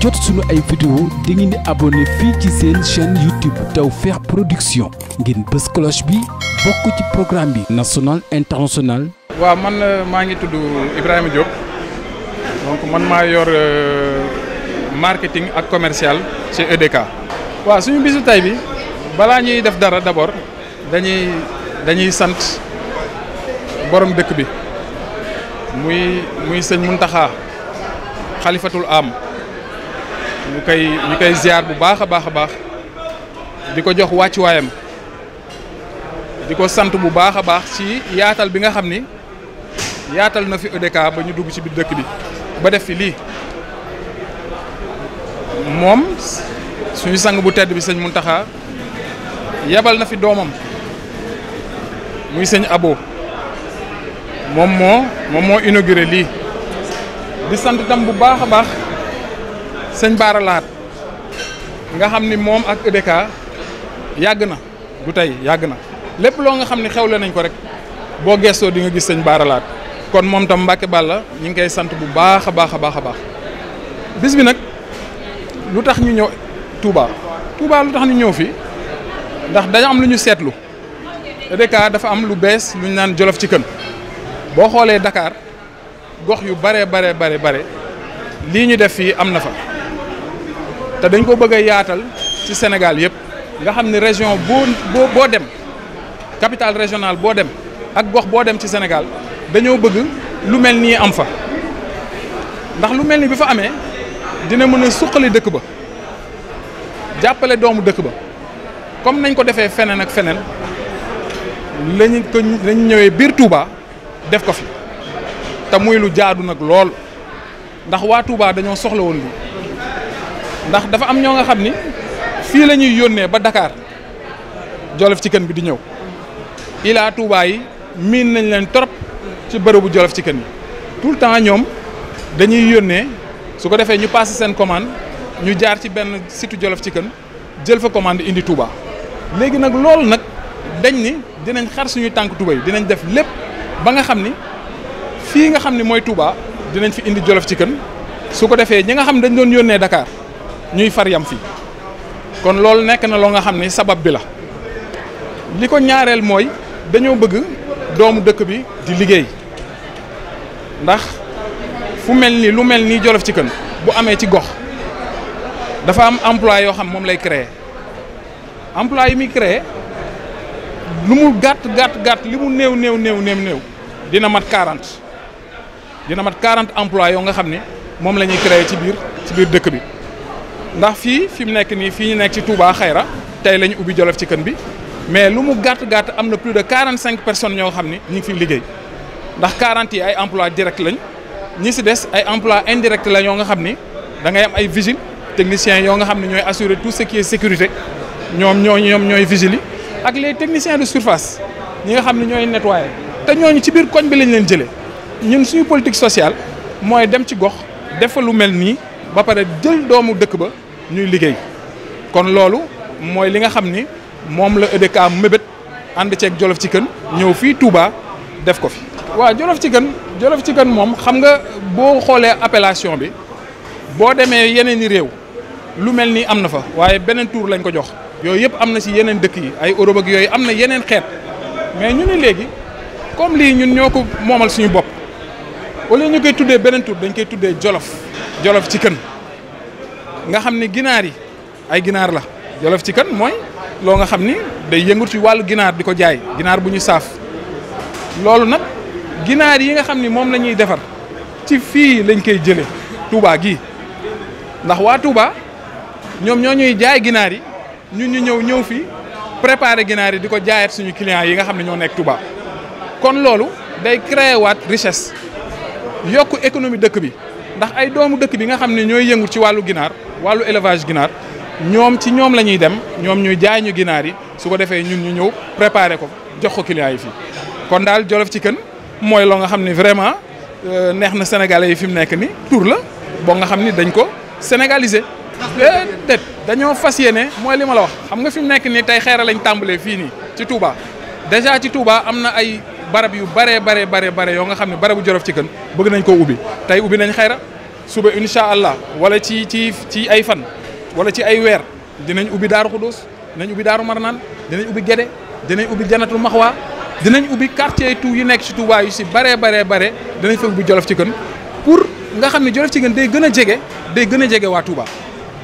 jot suñu ay vidéo da ngeen di abonné fii ci seen chaîne YouTube Tawfekh Production ngeen bës cloche bi bokk ci programme bi national international waaw man euh, maa ngi tudd Ibrahima Diop donc man maa yor euh, marketing ak commercial chez EDK waa suñu bisu tay bi balaa ñuy def dara d'abord dañuy dañuy sant borom dëkk bi muy muy sëñ Muntaxa xalifatul am ñu koy ñu koy ziar bu baax a baax a baax di ko jox wàccuwaayam di ko sant bu baax a baax ci yaatal bi nga xam ni yaatal na fi EDK ba ñu dugg ci biir dëkk bi ba def fi lii moom suñu sang bu tedd bi sëñ mun taxa yebal na fi doomam muy sëñ Abo moom moo moom lii di sant tam bu baax a baax sëñ Baara Lahat nga xam ni moom ak EDK yàgg na du tey yàgg na lépp loo nga xam ni xewle nañ ko rek boo gestoo di nga gis sëñ Baara Lahat kon moom tam Mbàkke Balla ñu ngi koy sant bu baax a baax a baax a baax bis bi nag lu tax ñu ñëw Touba Touba lu tax ñu ñëw fii ndax dañu am lu ñu seetlu EDK dafa am lu bees lu ñu naan jolof ci kën boo xoolee dakaar gox yu bare bare bare bare lii ñu def fii am na fa te dañ ko bëgg yaatal ci Sénégal yëpp nga xam ne région boo boo boo dem capitale régionale boo dem ak gox boo dem ci Sénégal dañoo bëgg lu mel nii am fa ndax lu mel ni bi fa amee dina mën a suqali dëkk ba jàppale doomu dëkk ba comme nañ ko defee feneen ak feneen lañu ko lañu ñëwee biir Touba def ko fi te muy lu jaadu nag lool ndax waa Touba dañoo soxla woon lii ndax dafa am ñoo nga xam ni fii la ñuy yónnee ba dakaar Jolof ci Chicken bi di ñëw ilaa Touba yi miin nañ leen trop ci bërëbu Jolof ci Chicken yi tout le temps ñoom dañuy yónnee su ko defee ñu passé seen commande ñu jaar ci benn site Jolof ci Chicken jël fa commande indi Touba léegi nag loolu nag dañ ni dinañ xar suñuy tànk Touba yi dinañ def lépp ba nga xam ni fii nga xam ni mooy Touba dinañ fi indi Jolof ci Chicken su ko defee ñi nga xam dañ doon yónnee dakaar ñuy far yam fii kon loolu nekk na loo nga xam ni sabab bi la li ko ñaareel mooy dañoo bëgg doomu dëkk bi di liggéey ndax fu mel ni lu mel ni Jolof ci kën bu amee ci gox dafa am emploi yoo xam moom lay créer emploi yi muy créer lu mu gàtt gàtt gàtt li mu néew néew néew néew néew dina mat 40 dina mat 40 emploi yoo nga xam ne moom la ñuy créer ci biir ci biir dëkk bi ndax fii fi mu nekk nii fii ñu nekk ci Touba Xayra tey lañu ubbi Jolof ci kën bi mais lu mu gàtt gàtt am na plus de quarante cinq personnes ñoo xam ni ñu fi fiy liggéey ndax quarante yi ay emploi direct lañ ñi si des ay emploi indirect la ñoo nga xam ni dangay am ay vigile techniciens yoo nga xam ne ñooy assurer tout ce qui est sécurité ñoom ñoo ñoom ñooy vigile yi ak les techniciens de surface ñi nga xam ne ñooy nettoyer te ñooñu ci biir koñ bi lañ leen jëlee ñun suñu politique sociale mooy dem ci gox defa lu mel nii ba pare jël doomu dëkk ba ñuy liggéey kon loolu mooy li nga xam ni moom la EDK mébét ànd ceeg Jolof ci kën ñëw fii Touba def ko fi. waa Jolof ci kën Jolof ci kën moom xam nga boo xoolee appellation bi boo demee yeneen i réew lu mel nii am na fa waaye beneen tour lañ ko jox. yooyu yëpp am na si yeneen dëkk yi ay Europe ak yooyu am na yeneen xeet mais ñu ne léegi comme lii ñun ñoo ko moomal suñu bopp. wala ñu koy tuddee beneen tur dañ koy tuddee jolof jolof ci kën nga xam ni ginaar yi ay ginaar la jolof ci kën mooy loo nga xam ni day yëngut ci wàllu ginaar di ko jaay ginaar bu ñu saaf loolu nag ginaar yi nga xam ni moom lañuy defar ci fii lañ koy jële Touba gii ndax waa Touba ñoom ñoo ñuy jaay ginaar yi ñu ñu ñëw ñëw fii préparer ginaar yi di ko jaayat suñu clients yi nga xam ne ñoo nekk Touba kon loolu day créer waat richesse. yokk économie dëkk bi ndax ay doomu dëkk bi nga xam ne ñooy yëngu ci wàllu ginaar wàllu élevage ginaar ñoom ci ñoom la ñuy dem ñoom ñuy jaay ñu ginaar yi su ko defee ñun ñu ñëw préparer ko jox ko clients yi kon daal Jolof ci Chicken mooy loo nga xam ne vraiment euh, neex na sénégalais yi fi mu nekk ni tur la boo nga xam ni dañ ko sénégaliser. déet dañoo fas yéene mooy li ma la wax xam nga fi mu nekk nii tey xeeral lañ tàmbalee fii nii ci Touba déjà ci Touba barab yu bare bare bare bare yoo nga xam ne barabu Jolof Chicken bëgg nañ ko ubbi tey ubbi nañ xayra suba incha allah wala ci ci ci ay fan wala ci ay weer dinañ ubbi daaru Xudóos dinañ ubbi daaru Marnaan dinañ ubbi Gédé dinañ ubbi Janatul Maxwa dinañ ubbi quartier tout yu nekk ci Touba yu si bare bare bare dinañ fa ubbi Jolof Chicken pour nga xam ne Jolof Chicken day gën a jege day gën a jege waa Touba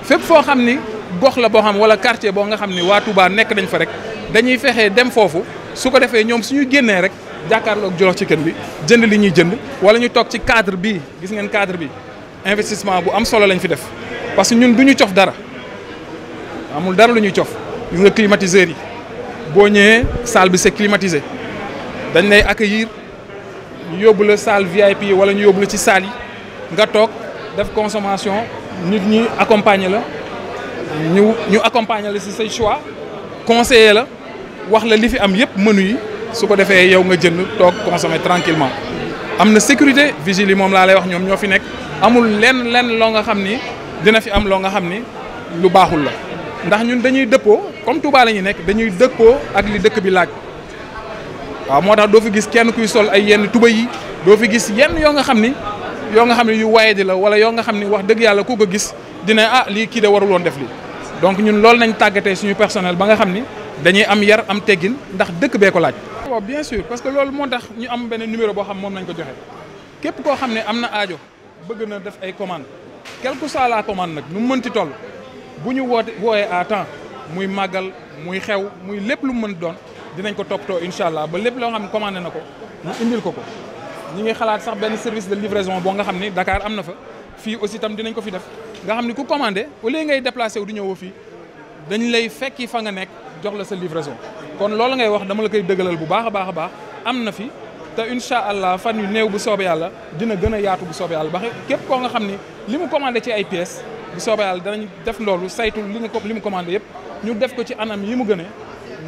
fépp foo xam ni gox la boo xam wala quartier boo nga xam ni waa nekk nañ fa rek dañuy fexe dem foofu su ko defee ñoom suñu génnee rek. jàkkaarloog ci Chicken bi jënd li ñuy jënd wala ñu toog ci cadre bi gis ngeen cadre bi investissement bu am solo lañu fi def parce que ñun du ñu cof dara amul dara lu ñuy cof gis nga climatiseurs yi boo ñëwee salle bi c'est climatisé dañ lay accueillir ñu yóbbu la salle VIP wala ñu yóbbu la ci salle yi nga toog def consommation nit ñi accompagner la ñu ñu accompagner la si say choix conseiller la wax la li fi am yëpp menu yi. su ko defee yow nga jënd toog consommer tranquillement am na sécurité vigile yi moom laa lay wax ñoom ñoo fi nekk amul lenn lenn loo nga xam ni dina fi am loo nga xam ni lu baaxul la ndax ñun dañuy dëppoo comme Touba la ñuy nekk dañuy dëppoo ak li dëkk bi laaj waaw moo tax doo fi gis kenn kuy sol ay yenn tuba yi doo fi gis yenn yoo nga xam ni yoo nga xam ne yu waaye di la wala yoo nga xam ni wax dëgg yàlla ku ko gis dina ah lii kii de warul woon def lii donc ñun loolu nañ tàggatee suñu personnel ba nga xam ni dañuy am yar am teggin ndax dëkk bee ko laaj waaw bien sûr parce que loolu moo tax ñu am benn numéro boo xam moom nañ ko joxe képp koo xam ne am na aajo bëgg na def ay commande quelle que soit la commande nag nu mënti toll bu ñu woote wooyee à temps muy màggal muy xew muy lépp lu mu mën doon dinañ ko too incha allah ba lépp loo xam ne commandé na ko ñu indil ko ko ñi ngi xalaat sax benn service de livraison boo nga xam ni dakaar am na fa fii aussi tam dinañ ko fi def nga xam ne ku commandé au lieu ngay wu di ñëw fii dañ lay fekki fa nga nekk jox la sa livraison kon loolu ngay wax dama la koy dëggalal bu baax baax a baax am na fi te incha allah fan yu néew bu soobee yàlla dina gën a yaatu bu soobee ba képp koo nga xam ni li mu commandé ci ay pièces bu soobee yàlla danañ def loolu saytu li nga ko li mu commandé yëpp ñu def ko ci anam yi mu gën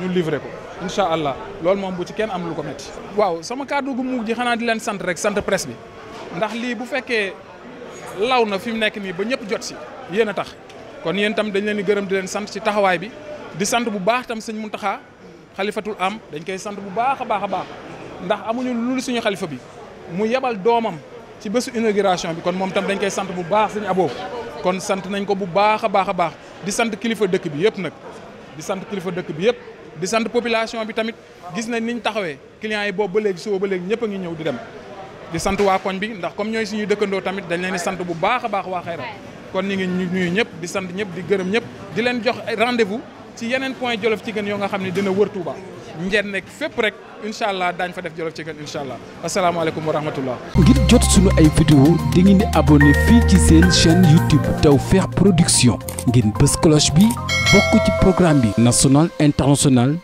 ñu livré ko incha allah loolu moom bu ci kenn am lu ko metti waaw sama kàddu gu mujj xanaa di leen sant rek sant presse bi ndax lii bu fekkee law na fi mu nekk nii ba ñëpp jot si yéen a tax kon yéen tam dañ leen di gërëm di leen sant ci taxawaay bi. di sant bu baax tam sëñ Muntaxa xalifatul am dañ koy sant bu baax a baax a baax ndax amuñu lu suñu xalifa bi mu yebal doomam ci bésu inauguration bi kon moom tam dañ koy sant bu baax sëñ Abo kon sant nañ ko bu baax a baax a baax di sant kilifa dëkk bi yëpp nag di sant kilifa dëkk bi yëpp di sant population bi tamit gis nañ niñ taxawee clients yi boobu ba léegi suba ba léegi ñëpp ngi ñëw di dem di sant waa koñ bi ndax comme ñooy suñuy dëkkandoo tamit dañ leen di sant bu baax a baax waa Xayra kon ñu ngi ñuy ñëpp di sant ñëpp di gërëm ñëpp di leen jox rendez-vous ci yeneen point Jolof Chicken yoo nga xam ne dina wër Touba ngeen nekk fépp rek incha allah daañ fa def Jolof Chicken incha allah asalaamaaleykum wa rahmatullah ngir jot suñu ay vidéo di ngeen di abonné fii ci seen chaîne YouTube Tawfekh Production ngeen bës cloche bi bokk ci programme bi national international